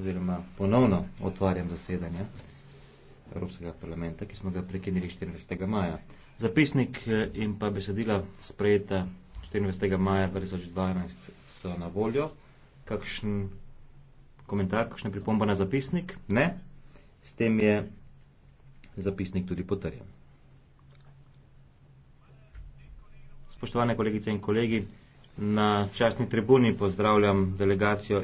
oziroma ponovno otvarjam zasedanje Evropskega parlamenta, ki smo ga prekinili 14. maja. Zapisnik eh, in pa besedila sprejeta 14. maja 2012 so na voljo. Kakšen komentar, kakšna pripomba na zapisnik? Ne. S tem je zapisnik tudi potrjen. Spoštovane kolegice in kolegi, na častni tribuni pozdravljam delegacijo